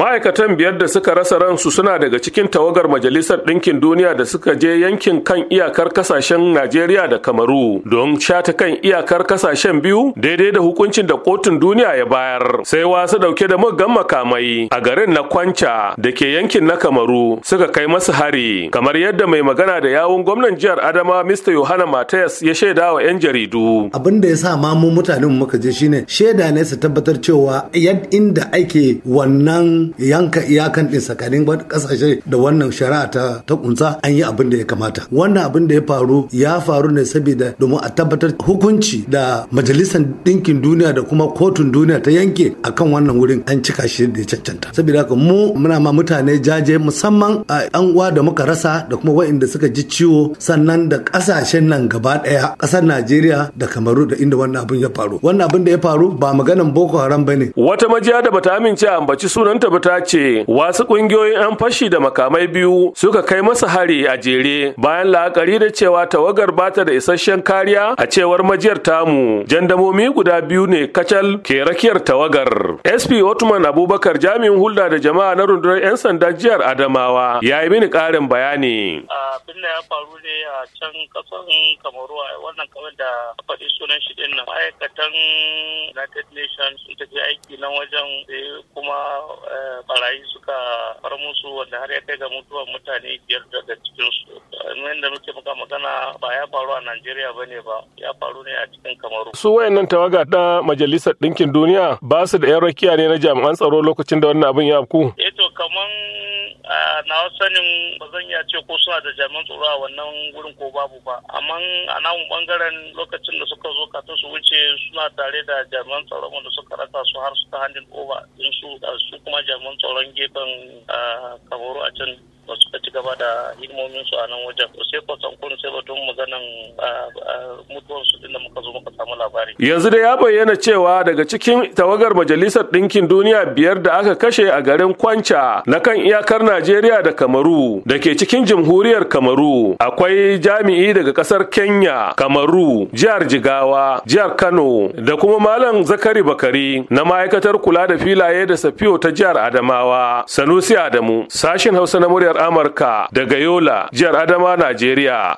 ma'aikatan biyar da suka rasa ransu suna daga cikin tawagar majalisar ɗinkin duniya da suka je yankin kan iyakar kasashen najeriya da kamaru don shata kan iyakar kasashen biyu daidai da hukuncin da kotun duniya ya bayar sai wasu ɗauke da muggan makamai a garin na kwanca da ke yankin na kamaru suka kai masu hari kamar yadda mai magana da yawun gwamnan jihar adama mista yohana matayas ya shaida wa 'yan jaridu abin da ya sa ma mu mutanen muka je shine shaida ne su tabbatar cewa yadda inda ake wannan yanka iyakan din tsakanin kasashe da wannan shari'a ta ta kunsa an yi abin da ya kamata wannan abin da ya faru ya faru ne saboda domin a tabbatar hukunci da majalisar dinkin duniya da kuma kotun duniya ta yanke akan wannan wurin an cika shi da ya cancanta saboda haka mu muna ma mutane jaje musamman a an uwa da muka rasa da kuma waɗanda suka ji ciwo sannan da kasashen nan gaba ɗaya ƙasar Najeriya da Kamaru da inda wannan abin ya faru wannan abin da ya faru ba maganan Boko Haram bane wata majiya da bata amince a ambaci sunanta Zainab ta ce wasu kungiyoyin an fashi da makamai biyu suka kai masa hari a jere bayan la'akari da cewa tawagar bata da isasshen kariya a cewar majiyar tamu jandamomi guda biyu ne kacal ke rakiyar tawagar. SP Otman Abubakar jami'in hulɗa da jama'a na rundunar 'yan sanda jihar Adamawa ya yi mini ƙarin bayani. Abin da ya faru ne a can kasan Kamaru wannan kawai da faɗi sunan shi ɗin nan ma'aikatan United Nations sun tafi aiki nan wajen eh, kuma eh, barayi suka far musu wanda har ya kai ga mutuwar mutane biyar daga cikin cikinsu da muke muka magana ba ya faru a Najeriya ba ne ba ya faru ne a cikin Kamaru. Su wayannan tawaga ta Majalisar Ɗinkin Duniya ba su da 'yan rakiya ne na jami'an tsaro lokacin da wannan abin ya afku? Eh to kaman na sanin ba zan iya ce ko suna da jami'an tsoro a wannan gurin ko babu ba amma a namun bangaren lokacin da suka zo kafin su wuce suna tare da jami'an tsaro da suka raka su har suka handin over din su su kuma jami'an tsaron gefen kamaru a can ba su ci gaba da hidimomin su a nan wajen to sai san kun sai batun maganan mutuwar su da muka zo muka samu labari yanzu da ya bayyana cewa daga cikin tawagar majalisar ɗinkin duniya biyar da aka kashe a garin kwanca na kan iyakar najeriya da kamaru da ke cikin jamhuriyar kamaru akwai jami'i daga ƙasar kenya kamaru jihar jigawa jihar kano da kuma malam zakari bakari na ma'aikatar kula da filaye da safiyo ta jihar adamawa sanusi adamu sashin hausa na murya muryar Amurka daga Yola, jihar Adama, Najeriya.